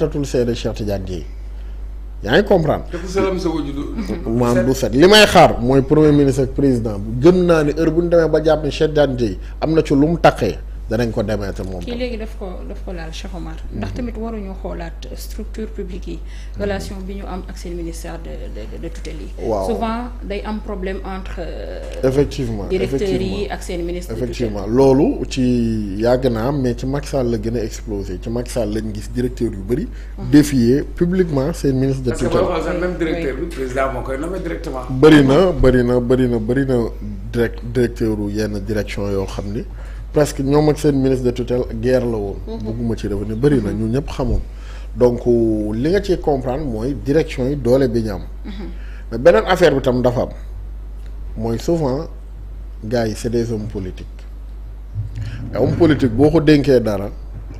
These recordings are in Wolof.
jotul seede Cheikh Tidiane Dièye yaa ngi comprendre. maam du set li may xaar mooy premier ministre ak président gëm naa ne heure bu ñu demee ba jàpp ne Cheikh Tidiane Dièye am na ci lu mu taqee. danañ ko démettre moom kii léegi daf ko daf ko laal Cheikh Omar mhm. ndax tamit waruñu xoolaat structure publique yi mhm. relation bi ñu am ak seen ministère de de yi waaw souvent day am problème entre euh, effectivement directeurs yi ak seen ministre effectivement loolu ci yàgg naa am mais ci Macky la gën a explosé ci Macky Sall lañ gis directeur yu bëri mhm. défier publiquement seen ministre de tutelle parce bëri na bëri na bëri na bëri na direct directeur yenn direction yoo xam ni presque ñoom ak seen ministre de tutelle guerre la woon. Mhm. bëgguma ci revenir bëri na ñu ñëpp xamoon. donc li nga ci comprendre mooy direction yi doole bi ñu am. Mhm. mais beneen affaire bi tam dafa am mooy souvent gars yi c'est des hommes politiques te homme politique boo ko dénkee dara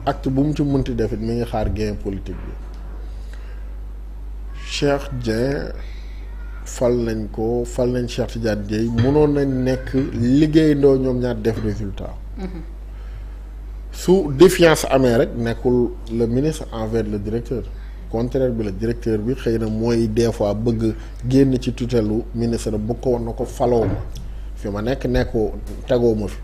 acte bu mu ci mënti def it mi ngi xaar gain politique bi Cheikh Dieng fal nañ ko fal nañ Cheikh Tidiane Dieye mënoon nañ nekk liggéeyandoo ñoom ñaar def résultat. su diffiance amee rek nekkul le ministre envers le directeur contraire bi la directeur bi xëy na mooy des fois bëgg génn ci tutelu ministre bu ko woon na ko faloo ma fi ma nekk nekkoo tegoo ma fi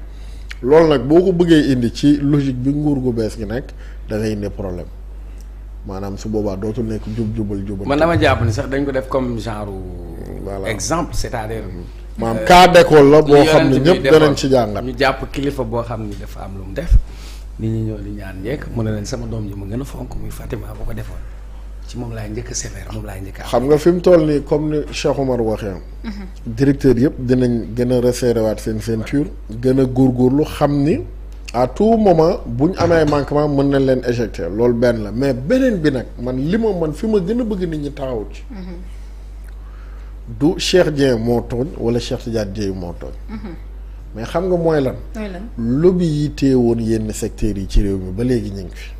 loolu nag boo ko bëggee indi ci logique bi nguur gu bees gi nekk dangay ngay indi problème maanaam su boobaa dootul nekk jub jubal jubal. man dama jàpp ni sax dañ ko def comme genre. voilà exemple c'est-à-dire. maam euh, cas d'école la boo xam ne ñëpp danañ ci jànga ñu jàpp kilifa boo xam ni dafa am lu mu def nit ñi ñoo di ñaan njekk mu ne leen sama doom ji ma gën a fonk muy Fatima bu ko defoon ci moom laay njëkk a sévère moom xam nga fi mu toll nii comme ni Cheikh Omar waxee mhm. directeur yëpp dinañ gën a waat seen ceinture gën a lu xam ni à tout moment bu ñu amee manquement mën nañ leen éjecter loolu benn la mais beneen bi nag man li ma man fi ma gën a bëgg nit ñi taxaw ci mhm. du Cheikh Dieng moo tooñ wala Cheikh Tidiane Dieng moo tooñ mhm. mais xam nga mooy lan. mooy lobby yi teewoon yenn secteurs yi ci réew mi ba léegi ñu ngi fi.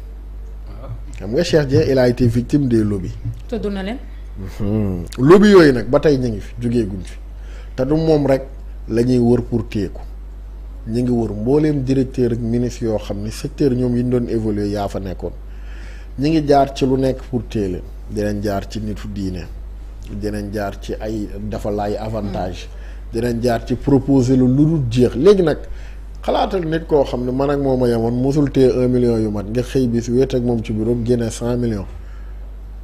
Ah. xam nga Cheikh Dieng il a été victime des lobbies. tudd na leen. Mhm. lobby yooyu nag ba tey ñu ngi fi jugee guñ fi te du moom rek la ñuy wër pour téeku ñu ngi wër mbooleem directeur ak ministre yoo xam ne secteur ñoom yi ñu doon évoluer yaa fa nekkoon ñu ngi jaar ci lu nekk pour téye leen jaar ci nitu diine. dinañ jaar ci ay dafa laay avantage dinañ jaar ci proposer lu lu dul jeex léegi nag xalaatal nit koo xam ne man ak moom a yemoon mosul téye un million yu mat nga xëy bis wéet ak moom ci bureau génne cent millions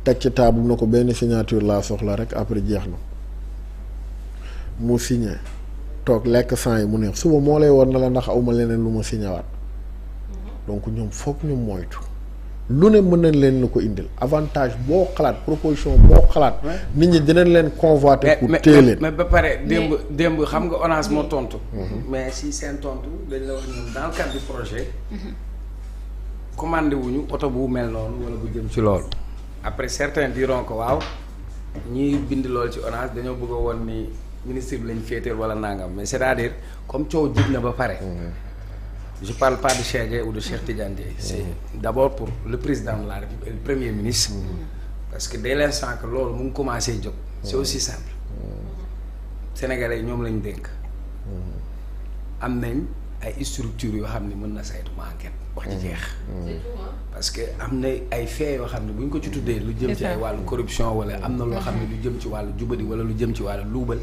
teg ci table na ko benn signature laa soxla rek après jeex na mu signé toog lekk cent yi mu neex suba moo lay war na la ndax awma leneen lu ma signé waat mm-hmm. donc ñoom foog ñu moytu lu ne mën nañ leen na ko indil avantage boo xalaat proposition boo xalaat. nit ñi dinañ leen convoité pour téye leen mais ba pare démb démb xam nga ONAS moo tontu. Mhm. mais si seen tontu dañ la wax ñun dans le du projet. Mhm. commandé wuñu oto bu mel noonu wala bu jëm ci loolu. après certains diront que waaw ñuy bind loolu ci ONAS dañoo bëgg a woon ni ministre bi lañ féeteel wala nangam mais c'est-à-dire comme coow jib na ba pare. Mhm. je parle pas de Cheikh Dieye ou de Cheikh Tidiane Dieye mm. pour le président laa premier ministre mm. parce que dès l'instant que loolu mu ngi commencé jóg c'est mm. aussi simple sénégalais ñoom lañu dénk am nañ ay structures yoo xam ni mën na saytu enquête wax ci jeex parce que am na ay faits yoo xam ne bu ñu ko ci tuddee lu jëm ci wàllu corruption wala am na loo xam ne lu jëm ci wàllu jubadi wala lu jëm ci wàllu luubal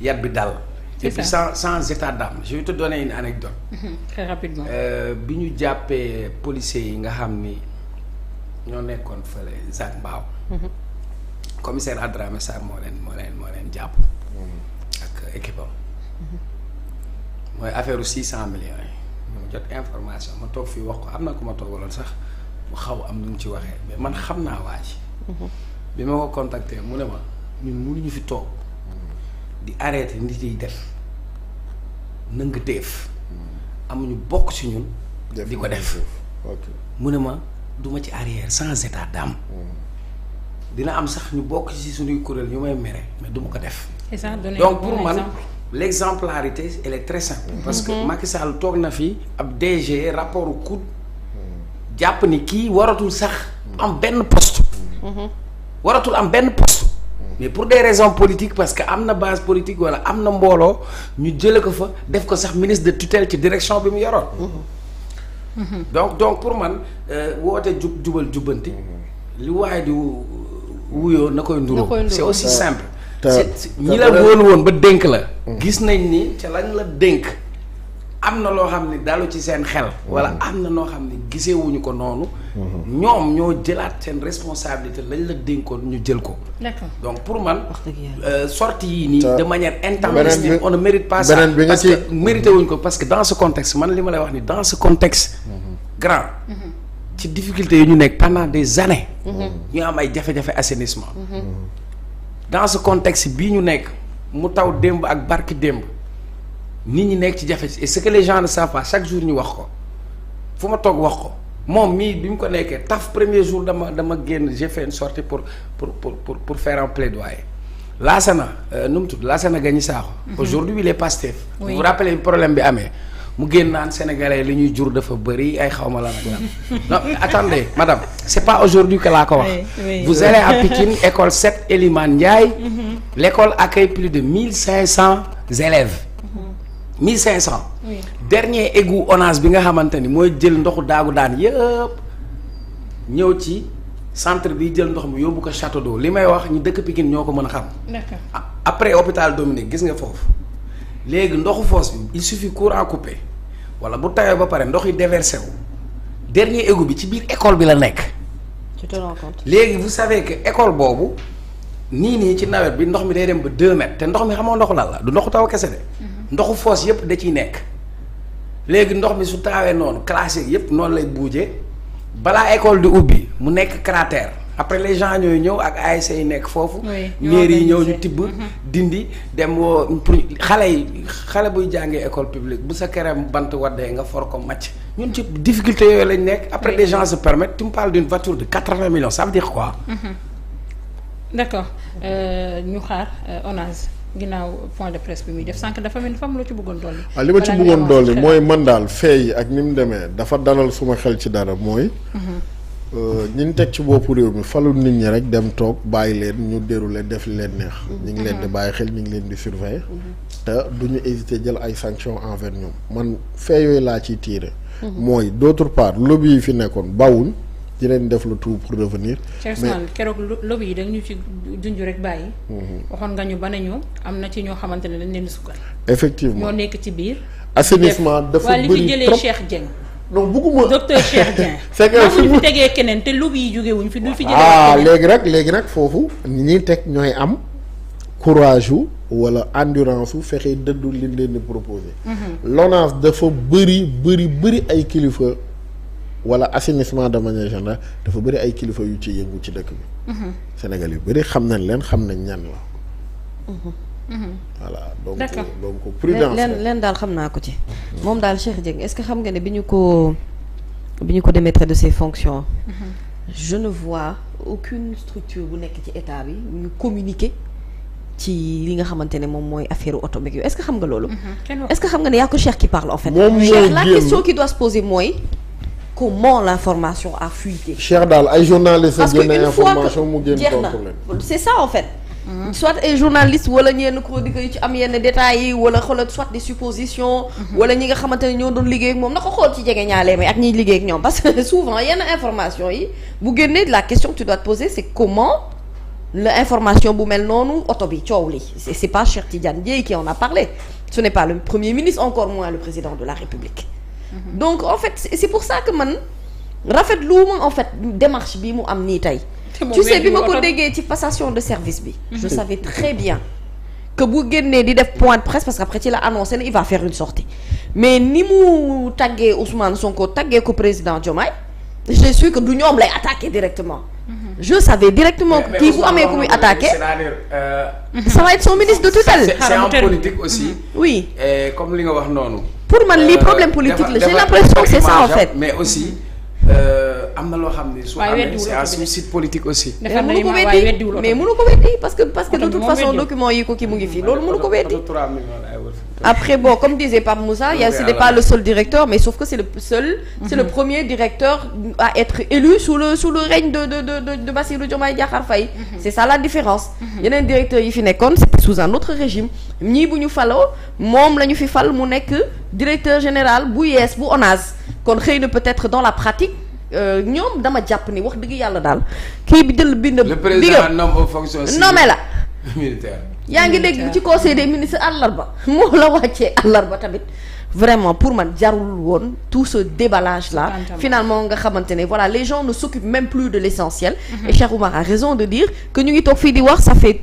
yat bi dal et puis sans sans état d'âme je vais te donner anecdote mhm. euh, bi ñu jàppee policiers yi nga xam ni ñoo nekkoon fële Zac Mbao mhm. commissaire Adramé Sarr moo leen moo leen moo leen jàpp mhm. ak équipe mooy affaire six cent millions yi mu jot information ma toog fii wax ko am na ko ma toogaloon sax mu xaw am lu mu ci waxee mais man xam naa waa ji bi ma ko contacté mu ne ma ñun mënuñu fi toog di arrêté nit yi def nëng téef am ñu bokk ci ñun di ko def mu ne ma duma ci arrière sans état d'âme hmm. dina am sax ñu bokk ci suñuy kuréel ñu may mere mais duma ko def donc pour man l'exemplarité elle est très simple hmm. parce que hmm. Macky Sall toog na fi ab DG rapport COUD jàpp ni kii waratul sax am benn poste waratul am benn post mais pour des raisons politiques parce que am na base politique wala am na mbooloo ñu jële ko fa def ko sax ministre de tutelle ci direction bi mu yoroon. donc donc pour man euh, woote jub jubal jubbanti. li waaye di wuyoo na koy nduroo c'est aussi simple. ñi la wóolu woon ba dénk la. Mm. gis nañ ni ca lañ la dénk. am na loo xam ne dalu ci seen xel. wala mm. am na noo xam ne gisee ko noonu. ñoom ñoo jëlaat seen responsabilité lañ la dénkoon ñu jël ko. donc pour man. Euh, sortie yii nii de manière intempestive on ne mérite pas ça mérité wuñ ko parce que dans ce man li ma lay wax ni dans ce contexte. ci difficulté yi ñu nekk pendant des années. ñu am ay jafe-jafe assainissement. dans ce contexte bii ñu nekk mu taw démb ak barki démb nit ñi nekk ci jafe et ce que les gens ne savent pas chaque jour ñu wax ko fu ma toog wax ko. moom mii bi mu ko nekkee taf premier jour dama dama génn j'ai fait pour pour pour pour, pour faire un plaidoyer na euh, nu mu tudd Lassana Gagny Sakho mhm. aujourd'hui il est Pastef vous rappelez problème bi amee mu génn naan sénégalais li ñuy jur dafa bëri ay xawma la nag non attendez madame c'est pas aujourd'hui que laa ko wax vous allez à Pikine école 7 Elimane Ndiaye mhm. l'école accueille plus de mille cinq cents élèves 1500. oui dernier égout onange bi nga xamante ni mooy jël ndoxu daagu daan yëpp ñëw ci centre bi jël ndox mi yóbbu ko château d'eau li may wax ñi dëkk Pikine ñoo ko mën a xam. d'accord après hôpital Dominique gis nga foofu léegi ndoxu fosse bi il suffit courant coupé wala bu tawee ba pare ndox yi déversé wu dernier égout bi ci biir école bi la nekk. tu te rends léegi vous savez que école boobu nii nii ci nawet bi ndox mi day dem ba 2 mètres te ndox mi xamoo ndoxu lan la ndoxu taw kese ndoxu foos yëpp da ciy nekk léegi ndox mi su taawee noonu classé yëpp noonu lay buuje balaa école di ubbi mu nekk cratère après les gens ñooy ñëw ak ASC yi nekk foofu. mairie yi ñëw ñu tibb. Mhm. dindi dem woo xale yi xale buy jàngee école publique bu sa këram bant waddee nga for ko màcc. ñun ci difficulté yooyu lañ nekk après les gens se permettent tu me parles d'une voiture de quatre-vingts millions ça veut dire quoi. Mhm. d'accord euh, ñu xaar euh, onage. ginnaaw point de presse bi muy def sànq dafa mel dafa am lu ci bëggoon dolli. waaw ah, li ma ci bëggoon dolli mooy man daal feey ak ni mu demee dafa dalal suma xel ci dara mooy. Mhm. Euh, ñi ñu teg ci boppu réew mi falu nit ñi rek dem toog bàyyi leen ñu déroulé def leen neex. Mhm. ñu ngi leen di mhm. bàyyi xel ñu ngi leen di surveiller. te du ñu hésiter jël ay sanctions envers ñoom man fee laa ciy tiire. mooy d'autre part lobby yi fi nekkoon bawuñ. dinañ def le tout pour revenir mais keroog lobby yi dañu ci junj rek bàyyi. Mhm. waxoon nga ñu ba nañu am na ci ñoo xamante ne dañ leen sukkal. effectivement ñoo nekk ci biir. assainissement dafa bëri trop li fi jëlee Cheikh Dieng. non bugguma docteur Cheikh Dieng. c'est que mu tegee keneen te lobby yi jóge wuñ fi fi. jëlee ah léegi rek léegi nag foofu. ñi ñuy teg ñooy am courage wala endurance wu fexe dëddu li leen di proposé. Mhm. l'ONAS dafa bëri ay kilifa. wala assainissement de manière générale dafa bari ay kilifa yu ci yëngu ci dëkk bi. Mhm. Sénégal yu bëri xam nañ leen xam nañ ñan la. Mhm. Mhm. voilà donc donc prudence leen leen daal xam naa ko ci. moom daal Cheikh Dieng est-ce que xam nga ne bi ñu ko bi ñu ko démettre de ses fonctions. je ne vois aucune structure bu nekk ci état bi ñu communiquer ci li nga xamante ne moom mooy affaire oto yooyu est xam nga loolu. est xam nga ne y a que Cheikh qui parle en fait. moom Cheikh la question qui doit se mooy. comment l'information a fuité. cher daal ay journalistes ak yenn information mu c'est ça en fait. Mhm. soit ay journalistes wala ñenn chroniqueurs yu ci am yenn détails yi wala xoolal soit des suppositions. Mhm. wala ñi nga xamante ne ñoo doon liggéey ak moom na ko xool ci jege ñaale may ak ñiy liggéey ak ñoom parce que souvent yenn information yi bu génnee la question que tu dois poser comment la information bu mel noonu oto bi coow li c'est pas Cheikh Tidiane Dièye qui en a parlé ce Mhm. donc en fait c'est pour ça que man rafetluwuma en fait démarche bi mu am nii tey. tu sais bi ma ko déggee ci passation de service bi. je mhm. savais très bien. que bu génnee di def point de presse parce que ci la annoncé ne il va faire une sortie mais ni mu tàggee Ousmane Sonko tàggee ko président Diomaye je suis que du ñoom lay attaqué directement. Mhm. je savais directement kii bu amee ku muy attaqué. cest euh, son ministre de tutelle. c'est en politique aussi. oui. comme li wax noonu. pour man lii euh, problème politique la j'ai l'impression que c'est ça en fait mais aussi euh, am na loo xam ne. su amee c'est à suicide politique aussi. defar nañu ma waaye weddiwul mais mënu ko weddi parce que parce que de toute façon document yi ko kii mu ngi fii loolu mënu ko weddi. après bon comme disait Pape Moussa y a ce n'est pas le seul directeur mais sauf que c'est le seul c'est le mhm. premier directeur à être élu sous le sous le règne de de de de Bassirou Diomaye Diakhar Faye mhm. c'est ça la différence mhm. yeneen directeur yi fi nekkoon c'était sous un autre régime ñii bu ñu faloo moom la ñu fi fal mu nekk directeur général bu yees bu ONAS kon xëy na peut-être dans la pratique Euh, ñoom dama jàpp ni wax dëgg yàlla daal kii bi jël bind. le président nomme aux la. yaa ngi dégg ci conseil des ministres àllarba moo la wàccee àllarba tamit vraiment pour man jarul woon tout ce déballage la finalement nga xamante ne voilà les gens ne s'occupent même plus de l'essentiel mm-hmm. et Cheikh Oumar a raison de dire que ñu ngi toog fii di wax sa fait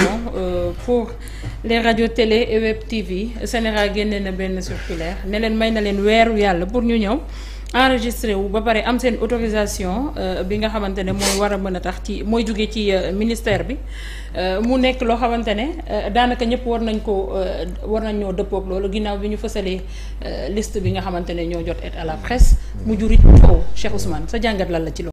également euh, pour les radios télé et web TV sénéral génne na benn circulaire ne leen may na leen weeru yàlla pour ñu ñëw enregistré wu ba pare am seen autorisation euh, bi nga xamante ne mooy war a mën a tax ci mooy jóge ci euh, ministère bi mu nekk loo xamante ne daanaka ñëpp war nañ ko war nañ ñoo dëppoog loolu ginnaaw bi ñu fësalee liste bi nga xamante ne ñoo jot et à la presse mu juri kaw Cheikh Ousmane sa jàngat lan la ci loolu